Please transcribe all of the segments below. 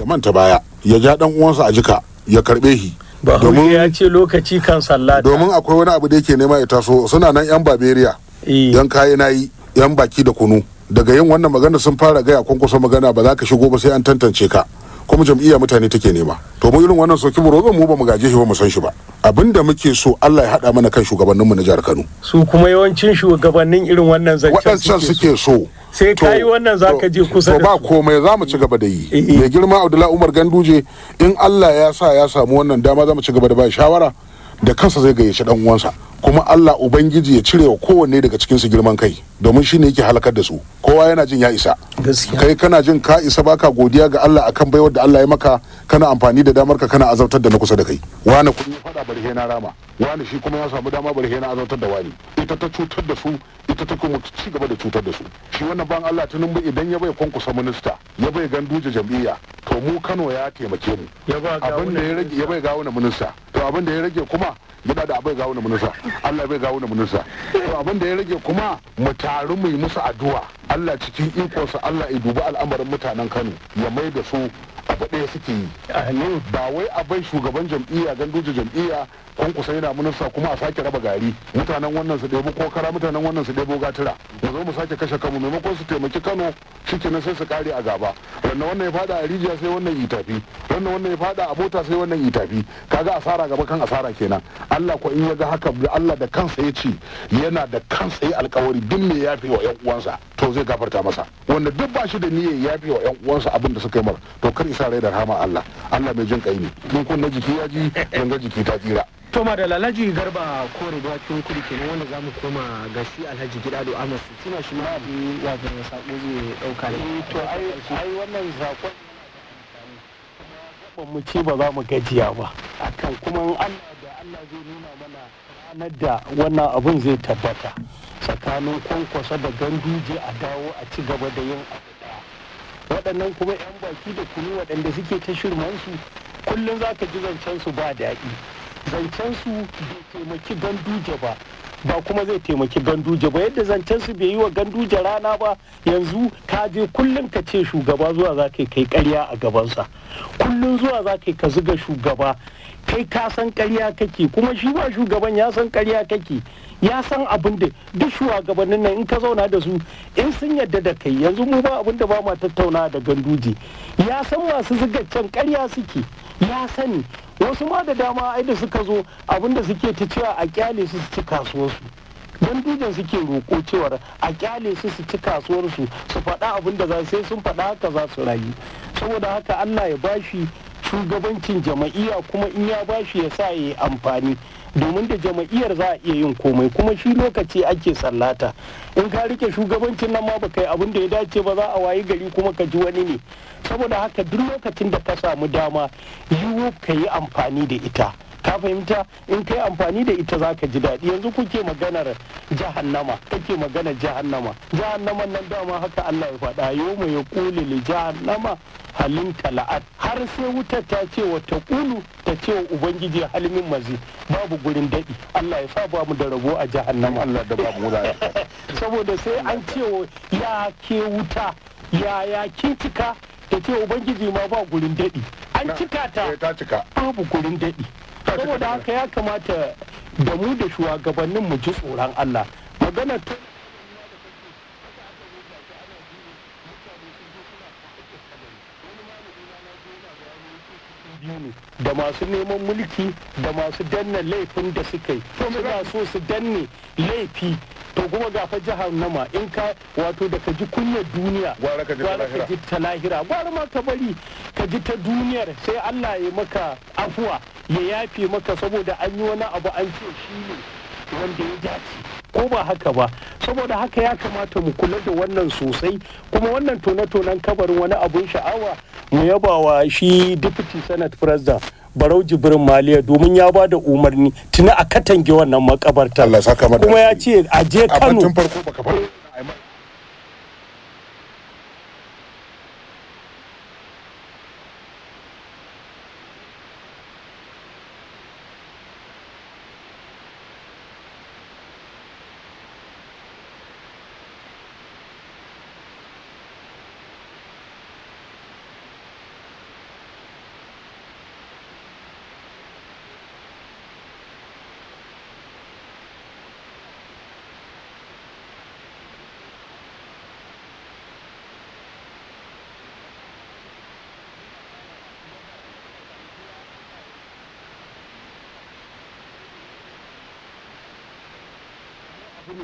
ya manta baya ya ja dan uwansa a jika ya karbe shi domin ya ce lokaci kan sallata domin akwai wani abu da yake nema ya taso suna nan yan baberiya eh. yan kayi nayi yan baki da kunu daga yin wannan magana sun fara gaya kun kusa magana ba za ka shigo ba sai an tantance ka kuma jam'iyya mutane take nema to mu irin wannan mu burozan mu ba mu gaje shi ba mu san shi ba abinda muke so Allah ya hada mana kan shugabannin mu na jihar Kano su kuma yawancin shugabannin irin wannan zancen suke so sai kai wannan zaka je kusa ba komai za mu ci gaba da yi eh, eh. mai girma abdula umar ganduje in allah ya sa ya samu wannan dama za mu ci gaba da ba shawara da kansa zai gayyaci dan uwansa kuma Allah ubangiji ya cire wa kowanne daga cikin su girman kai domin shine yake halakar da su kowa yana jin ya isa kai kana jin ka isa baka godiya ga Allah akan baiwar da Allah ya maka kana amfani da damar ka kana azautar da na kusa da kai wani kun fada barhe na rama wani shi kuma ya samu dama barhe na azautar da wani ita ta cutar da su ita ta kuma ci gaba da cutar da su shi wannan ban Allah tunin idan ya bai kwankusa minista ya bai ganduje jam'iyya to mu Kano ya taimake mu abinda ya rage ya bai gawo na minista to abin da ya rage kuma gida da abai gawo na munusa Allah bai gawo na munusa to abin da ya rage kuma mu taru mu yi musu addu'a Allah cikin ikonsa Allah ya dubi al'amarin mutanen Kano ya mai da su abu suke yi ba wai a bai shugaban jam'iyya duje jam'iyya kusa yana minista kuma a sake raba gari mutanen wannan su ɗebo kokara mutanen wannan su ɗebo gatira mu zo mu sake kashe kanmu maimakon su taimaki kano shi shikenan sai su kare a gaba wannan wannan ya faɗa a rijiya sai wannan yi tafi wannan wannan ya faɗa a mota sai wannan yi tafi kaga asara gaba kan asara kenan Allah ko in ya ga haka Allah da kansa ya ce yana da kansa ya alkawari duk me yafi wa ƴan uwansa to zai gafarta masa wanda duk ba shi da niyyar yafi wa ƴan uwansa abin da suka yi mar to kar isa rai da rahama Allah Allah mai jin kai ne mun kunna jiki ya ji mun jiki ta tsira to ma da lalaji garba kore da cikin kudi kenan wanda za mu koma ga shi alhaji gidado amas tuna shi ma bi wato sako zai dauka ne eh, to ai ai wannan zakon ba mu ci ba za mu gajiya ba akan kuma Allah da Allah zai nuna mana ranar da wannan abun zai tabbata tsakanin kwankwasa da ganduje a dawo a ci gaba da yin abu waɗannan kuma 'yan baki da kunu waɗanda suke ta shirmansu kullum za ka ji zancensu ba daɗi zancensu bai taimaki ganduje ba ba kuma zai taimaki ganduje ba yadda zancensu bai yi wa ganduje rana ba yanzu ka je kullum ka ce shugaba zuwa za ka kai karya a gabansa kullum zuwa za ka ka zuga shugaba kai ka san ƙarya kake kuma shi ma shugaban ya san ƙarya kake ya san abin da duk shugabannin nan in ka zauna da su in sun yadda da kai yanzu mu ba abin da ba ma tattauna da ganduje ya san masu can karya suke ya sani wasu ma da dama ai da suka zo abin da suke ta cewa a kyale su su ci kasuwarsu bandujan suke roƙo cewar a kyale su su ci kasuwarsu su faɗa abin da za sai sun faɗa haka za su rayu saboda haka allah ya bashi shugabancin jama'iyya kuma in ya bashi ya sa ya yi amfani domin da jama'iyyar za a iya yin komai kuma shi lokaci ake sallata in ka rike shugabancin nan ma ba kai abin da ya dace ba za a wayi gari kuma ka ji wani ne saboda haka duk lokacin da ka samu dama yiwu ka yi amfani da ita ka fahimta in kai amfani da ita zaka ji daɗi yanzu kuke maganar jahannama kake maganar jahannama jahannama nan dama haka Allah ya faɗa yoma ya kuli li jahannama halin tala'at har sai wuta ta ce wa ta kulu ta ce wa ubangiji halimin mazi babu gurin daɗi Allah ya sa ba mu da rabo a jahannama Allah da babu saboda sai an ce wa ya ke wuta ya ya kin cika ta ce ubangiji ma ba gurin daɗi an cika ta eh, babu gurin daɗi saboda haka ya kamata da mu da shugabannin mu ji tsoron Allah magana ta da masu neman mulki da masu danna laifin da suka yi suna so su danne laifi to kuma ga fa nama in ka wato da ka ji kunyar duniya gwara ka ji ta lahira gwara ma ka bari ka ji ta duniyar sai Allah ya maka afuwa ya yafe maka saboda an yi wani abu an ce shi ne wanda ya dace ko ba haka ba saboda haka ya kamata mu kula da wannan sosai kuma wannan tone-tonen kabarin wani abun sha'awa mu yaba wa shi deputy senate president barau jibrin maliya domin ya ba da umarni tuni a katange wannan makabartar kuma ya ce a je kano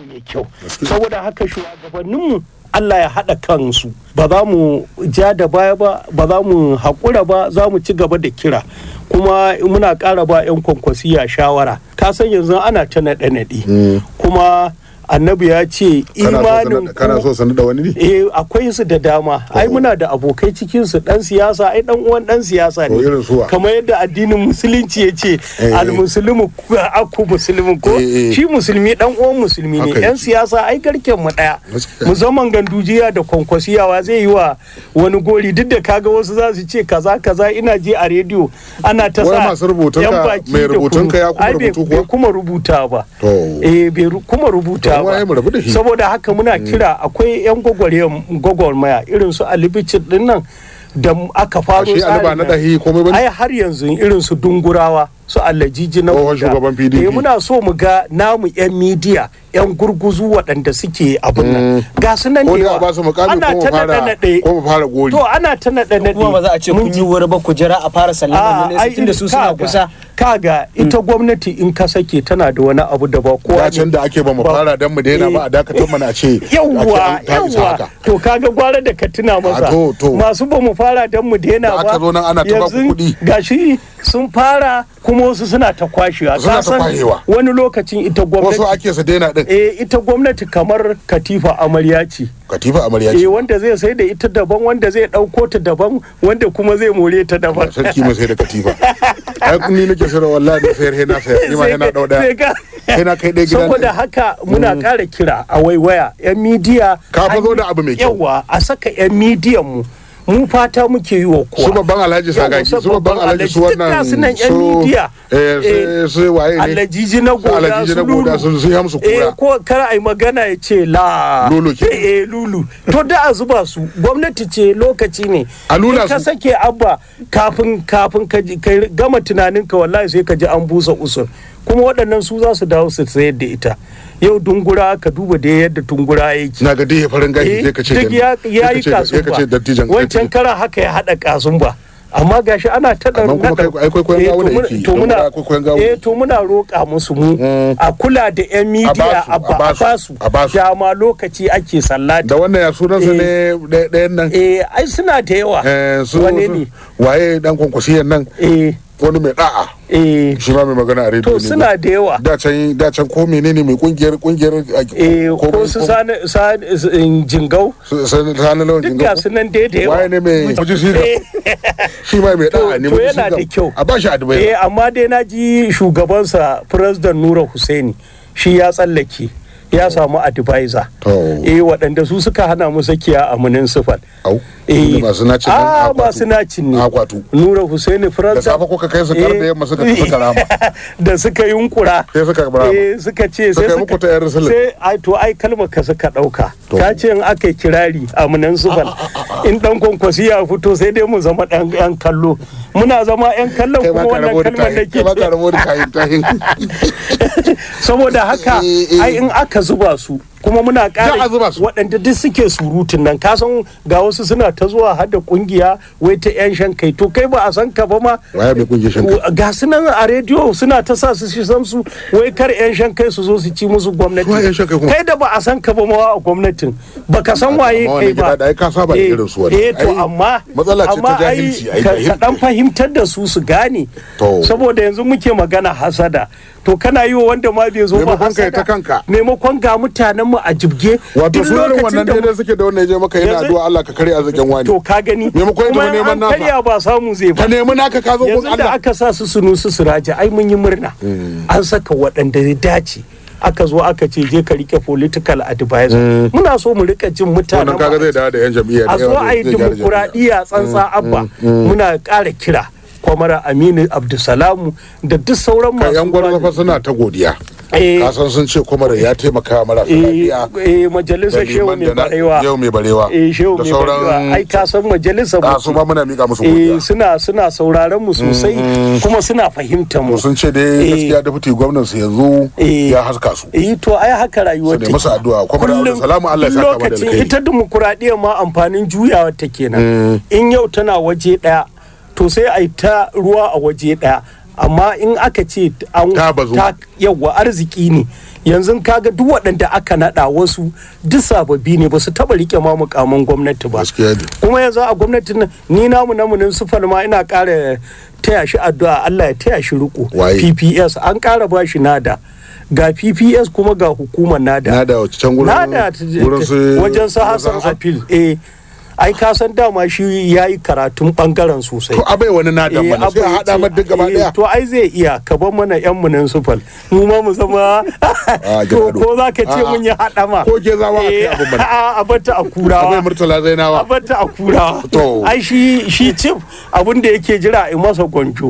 ne mai kyau saboda haka shugabanninmu Allah ya haɗa kansu ba za mu ja da baya ba ba za mu haƙura ba za mu ci gaba da kira kuma muna ƙara ba 'yan kwankwasiya shawara ka san yanzu ana ta naɗe-naɗe mm. kuma annabi ya ce imanin kana so da wani ne eh akwai su da dama ai muna da abokai cikin su dan siyasa ai dan uwan dan siyasa ne kamar yadda addinin musulunci ya ce eh, eh. al muslimu aku muslimin ko eh, shi musulmi dan uwan musulmi ne yan siyasa ai garken mu daya zaman gandujiya da kwankwasiyawa zai yi wa wani gori duk da kaga wasu za su ce kaza kaza ina je a rediyo ana ta sa yan baki da kuma rubuta ba eh bai kuma rubuta ba saboda haka muna mm. kira akwai yan maya irin su alibicin din da aka faru tsarin ai har yanzu irin su dungurawa su alajiji na eh, muna so mu ga namu yan midiya yan gurguzu waɗanda suke abun nan mm. ga su nan ne ba su mukami ana ta fara ko mu fara gori to ana ta nade nade kuma ba za a ce kun yi wuri ba ku jira a fara sallama ne tunda su suna kusa kaga ita mm. gwamnati in ka sake tana da wani abu da ba a can da ake ba mu fara dan mu daina ba a eh, dakatar mana a ce yawwa yawwa to kaga gwara da ka tuna masa masu ba mu fara dan mu daina ba yanzu gashi sun fara kuma wasu suna ta kwashewa suna ta kwahewa wani lokacin ita gwamnati wasu ake su daina din eh ita gwamnati kamar katifa amarya ce katifa amarya ce eh wanda zai sai da ita daban wanda zai dauko ta daban wanda kuma zai more ta daban sarki mu sai da katifa ai ni nake sayar wallahi da sayar hena sayar ni ma yana dau daya hena kai dai gidan saboda haka muna kara mm. kira a waiwaya yan midiya ka fa zo da abu mai kyau yawa a saka yan midiyan mu mu fata muke yi wa kowa su babban alhaji sagaki su babban alhaji su wannan su nan yan midiya eh, eh, su waye ne alhaji na goda su goda su hamsu kura eh ko kar ai magana ya ce la lulu ke eh, eh lulu to da a zuba su gwamnati ce lokaci ne a ka sake abba kafin kafin ka gama tunanin ka wallahi sai ka ji an busa usul kuma waɗannan su za su dawo su sayar da ita yau dungura ka duba da yadda tungura yi na ga dai ya farin gashi eh, sai ka ce duk ya yi kasumba wancan kara haka ya haɗa kasumba amma gashi ana ta da eh, eh, to muna roƙa musu mu mm. a kula da yan midiya a ba su dama lokaci ake sallata da wannan ya sunan su ne ɗayan nan eh ai suna da yawa wane ne waye dan kwankwasiyar nan eh wani mai da'a eh. shi ma mai magana a rediyo to suna da yawa da can da can ko menene mai kungiyar kungiyar eh, ko eh, su sani jingau sani lawan jingau duka su nan da yawa waye ne mai mujisi shi ma mai da'a ne mai to yana da kyau a ba shi adbai eh amma dai na ji shugabansa president Nura Hussaini shi ya tsallake ya samu adviser. eh waɗanda su suka hana mu sakiya a munin sifal eh ah, masu nacin ne a masu nacin ne nura husaini faransa da safa kai su da yamma suka tafi eh, karama da suka yunkura sai suka eh, ce sai suka muku ta yarin sulhu sai ai to ai kalmar ka suka dauka ka ce in aka kirari a munan zubal ah, ah, in dan kwankwasi ya fito sai dai mu zama dan yan kallo muna zama yan kallon kuma wannan kalmar da ke saboda haka eh, ai in aka zuba su kuma muna kare waɗanda duk suke surutun nan ka san ga wasu suna ta zuwa hada kungiya wai ta yan shan kai to kai ba a san ka ba ma ga su nan a rediyo suna ta sa su san su wai kar yan shan kai su zo su ci musu gwamnati kai da ba a san ka ba ma a gwamnatin ba ka san waye kai ba ai ka saba eh, irin su eh to amma matsala ce ta jahilci ai ka dan fahimtar da su su gane saboda yanzu muke magana hasada to kana yi wa wanda ma bai zo ba hasada ta kanka maimakon ga mutanen mu a jibge wato su irin wannan dai suke da wannan je maka yana addu'a Allah ka kare azagen wani to ka gani maimakon da neman naka kariya ba samu zai ba ka nemi naka ka zo gun Allah da aka sa su sunu su suraje ai mun yi murna hmm. an saka waɗanda ya dace aka zo aka ce je ka rike political advisor hmm. muna so mu rika jin mutanen ba a so a yi dimokuraɗiyya tsantsa hmm. abba muna ƙara kira kwamara aminu abdusalamu da duk sauran masu kayan gwarzafa suna ta godiya eh. Ka san sun ce kwamara ya taimaka marasa eh, lafiya eh majalisar shehu mai barewa shehu mai barewa eh shehu mai barewa ai kasan majalisar mu su ma muna mika musu godiya eh, suna suna sauraron mu sosai mm-hmm. kuma suna fahimtar mu sun ce dai gaskiya deputy gwamnan su yanzu ya haska su eh to ai haka rayuwar take musu addu'a kwamara Abdusalamu Allah ya saka mu da alheri lokacin ita dimokuraɗiyya ma amfanin juyawa ta kenan mm. in yau tana waje daya to sai a yi ta ruwa a waje ɗaya amma in aka ce an yawa arziki ne yanzu kaga duk waɗanda aka naɗa wasu duk sababbi ne ba su taɓa rike ma mukamin gwamnati ba kuma yanzu a gwamnatin ni namu namunin sufal ma ina ƙara taya shi addu'a Allah ya taya shi riko PPS an ƙara ba shi nada ga PPS kuma ga hukumar nada nada wajen su Hassan Appeal eh ai ka san dama shi ya yi karatun bangaren sosai to abai wani na da eh, mana sai a hada mu duk gaba daya eh, to ai zai iya ka bar mana yan municipal mu ma mu zama ah, to ko za ka ce mun yi hada ma ko ke zawa eh, a kai abun mana a batta a kurawa abai murtala zainawa a bata a kurawa to ai shi shi chief abun da yake jira a masa gwanjo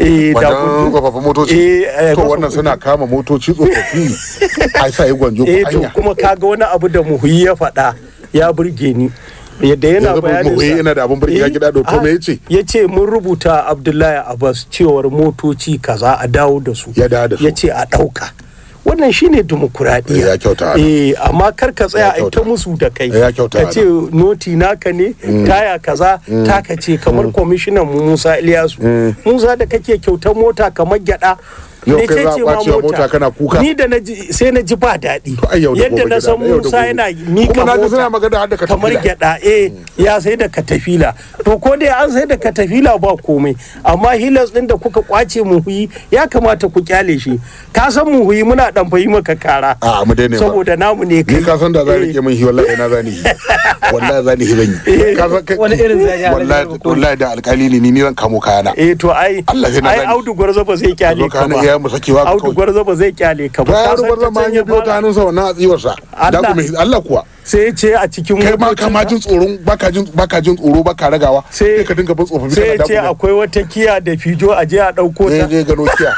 wajen tsofaffin motoci to wannan suna kama motoci tsofaffi a sa yi gwanjo ko hanya kuma kaga wani abu da muhuyi ya faɗa ya burge ni yadda yana bayanin sa yana eh, da abun burgewa eh, gida to me ah, yace yace mun rubuta Abdullahi Abbas cewar motoci kaza a dawo da su ya da su yace a dauka wannan shine dimokuraɗiyya eh, ya kyauta eh amma kar ka tsaya a ta musu da kai ya kyauta ka ce noti naka ne mm. taya kaza mm. taka ce kamar mm. kwamishinan Musa Ilyasu Musa da kake kyautar mota kamar gyada yau kai za a ɓaci wa mota kana kuka ni da sai na ji ba daɗi yadda na san musa yana mika mota kamar gyaɗa eh ya sai da katafila to ko dai an sai da katafila ba komai amma hilas ɗin da kuka kwace muhuyi ya kamata ku kyale shi ka san muhuyi muna ɗan fayi maka kara a mu daina saboda namu ne kai ka san da za rike eh. min shi wallahi na zani wallahi zani shi zanyi eh. ka san kai wani irin zani wallahi da alƙali ne ni ni zan kamo kayana eh to ai Allah zai na zani ai audu gwarzo ba sai kyale ka ya mu sakewa ka audu gwarzo ba zai kyale ka ba ya gwarzo ma ya biyo ta hannunsa wannan a tsiwar sa Allah kuwa sai ce a cikin kai ma jin tsoron baka jin baka jin tsoro baka ragawa sai ka dinga bin tsofaffi sai ce akwai wata kiya da fijo a je a dauko ta ne gano kiya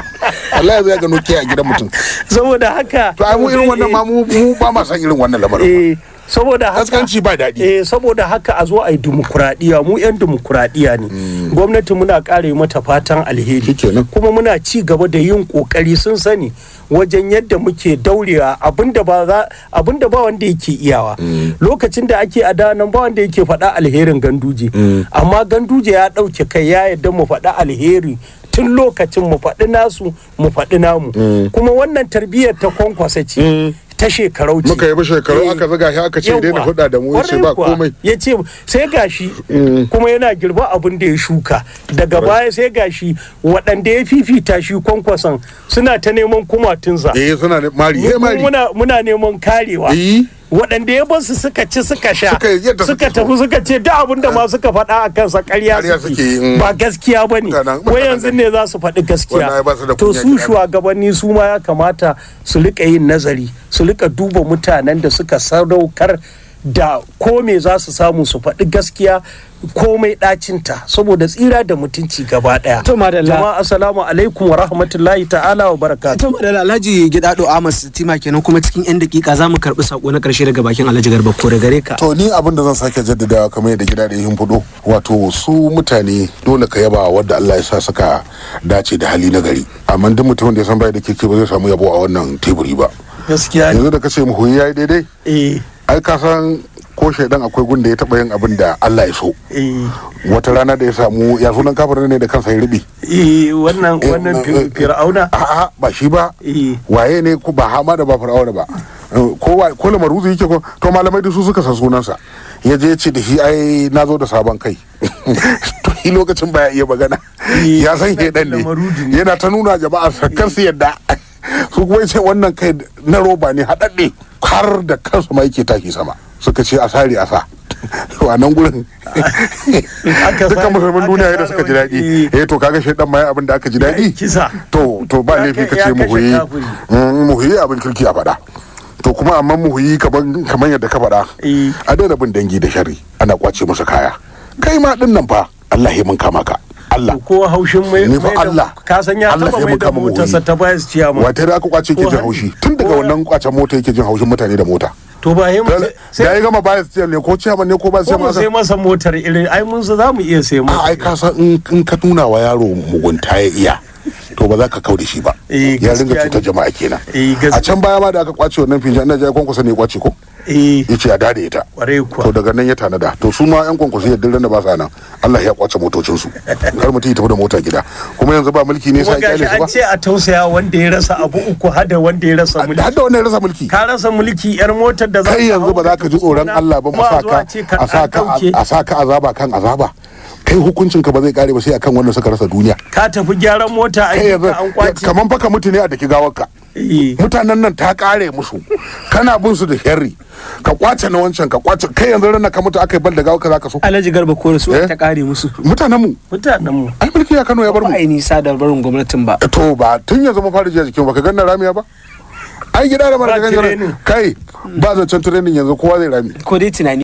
Allah ya gano kiya a gidan mutum saboda haka to ai mu irin wannan ma mu ba ma san irin wannan lamarin eh saboda haka ba daɗi eh saboda haka a zo ai yi mu 'yan dimokuraɗiyya ne hmm. gwamnati muna kare mata fatan alheri kuma muna ci gaba da yin kokari sun sani wajen yadda muke daurewa abinda ba wanda yake iyawa mm. lokacin da ake adanan ba wanda yake faɗa alherin ganduje mm. amma ganduje ya ɗauke kai ya yadda mu faɗa alheri tun lokacin mu faɗi nasu mu faɗi namu mm. kuma wannan tarbiyyar ta kwankwasa ce ta shekarau ce muka yi shekarau eh, aka zaga shi aka ce daina hudda da mu ce ba komai yace sai gashi mm. kuma yana girba abin da ya shuka daga baya sai gashi waɗanda ya fifita shi kwankwason suna ta neman kumatunsa eh suna eh, mari muna muna neman karewa eh. waɗanda ya su suka ci suka sha suka tafi suka ce duk abin da ma suka faɗa a kansa ƙarya suke ba gaskiya ba ne wai yanzu ne za su faɗi gaskiya to su shugabanni su ma ya kamata su riƙa yin nazari su riƙa duba mutanen da suka sadaukar da ko me za su samu su faɗi gaskiya komai ɗacinta saboda tsira da mutunci gaba ɗaya. To madalla. Jama'a assalamu alaikum wa rahmatullahi ta'ala wa baraka. To madalla Alhaji Gidado Amas Tima kenan kuma cikin 'yan dakika za mu karɓi sako na ƙarshe daga bakin Alhaji Garba ko daga gare ka. To ni abin da zan sake jaddadawa kamar yadda gida da yin fudo wato su mutane dole ka yaba wadda Allah ya sa suka dace da hali na gari amma duk mutumin da ya san bai da kirki ba zai samu yabo a wannan teburi ba. Gaskiya. Yanzu da kace mu ya yi daidai. Eh. ai ka san ko shaidan akwai gunda ya taba yin abin da Allah ya so eh. wata rana da ya samu ya sunan kafirin ne da kansa ya rubi eh, wannan eh, wannan fir'auna a'a ba shi ba waye ne ko ba hama da ba fir'auna ba ko ko lamaruzu yake ko to malamai da su suka san sunansa ya je ce da shi ai na zo da sabon kai to shi lokacin baya iya magana ya san shaidan ne yana ta nuna jama'a su yadda su kuma ce wannan kai na roba ne haɗaɗɗe har da kansu ma yake tashi sama suka ce a sare a sa wa nan gurin dukkan musulmin duniya yadda suka ji daɗi eh to kaga shaidan ma abin da aka ji daɗi to to ba laifi ka ce muhuyi mm, muhuyi abin kirki a faɗa to kuma amma muhuyi kamar yadda ka faɗa eh. a daina bin dangi da shari ana kwace musu kaya kai ma ɗin nan fa Allah ya mun kama ka Allah ko haushin mai ni fa Allah ka san ya taba mai da sa ta bayas ciya ma wata da aka kwace ke jin haushi tun daga wannan kwace mota yake jin haushin mutane da mota to ba mu sai ya gama bayis ciya ne ko ciya ne ko ba sai masa sai masa motar irin ai mun za mu iya sai mu ai ka san in ka nuna wa yaro mugunta ya iya to ba za ka kaure shi ba eh, ya ringa cutar jama'a kenan eh, a can baya ma da aka kwace wannan finjan na jai kwankwasa ne kwace ko Eh. ya ce a dade ita to daga nan ya tanada to su ma yan kwankwasu yadda rana ba sa nan Allah ya kwace motocinsu su kar mutum ya tafi da mota gida kuma yanzu ba mulki ne sai kyale su ce a tausaya wanda ya rasa abu uku hada wanda ya rasa mulki hada wanda ya rasa mulki ka rasa mulki yar motar da za kai yanzu ba za ka ji tsoron Allah ba mu saka a saka a saka azaba kan azaba kai hukuncin ka ba zai kare ba sai akan wanda suka rasa duniya ka tafi gyaran mota a an kwace kaman fa ka mutu ne a daki gawar ka Eh. mutanen nan ta kare musu kana bin su da herri ka kwace na wancan ka kwace kai yanzu ranar ka mutu aka yi bal da gawa ka zaka so alhaji garba ko su eh? ta kare musu mutanen mu mutanen mu ai mulki ya Kano ya bar mu ai nisa da barin gwamnatin ba to ba tun yanzu mun fara jiya jikin ba ka ganna ramiya ba ai gida da mara kai ba zancen training yanzu kowa zai rami ko dai tunani